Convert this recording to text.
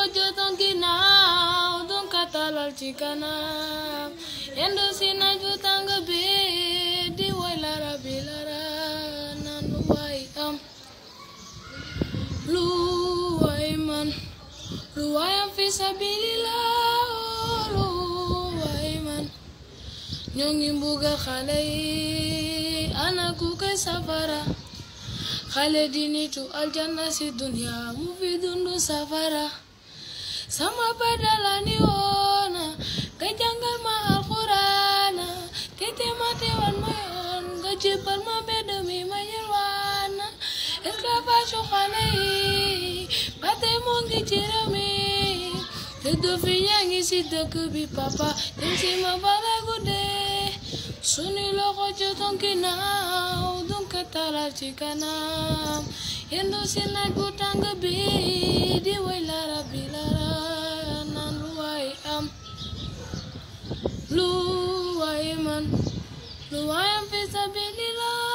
ko jotoon ginnaaw doon ka talal ci kanam yendu si naaj bu tàng bi di woy lara bi lara nan lu waay am lu waay man lu waay fi sabilillah lu waay man ñoo ngi mbugal xale ana ku koy safara xale di nitu aljanna si dunya mu fi dundu safara sama badala woona nga jàngal ma alxuraana te teemaate wan ma yoon nga jébbal ma mbedd mi ma yërwaana esclavage u xale yi ba tey moo ngi ci réew mi te dofi yaa ngi ci dëkk bi papa dem ci ma bala guddee sunu loxo jotoon ginnaaw dunka talal ci kanam yendu ci naaj bu tàng bi lu waay man lu waayam fi sabilillah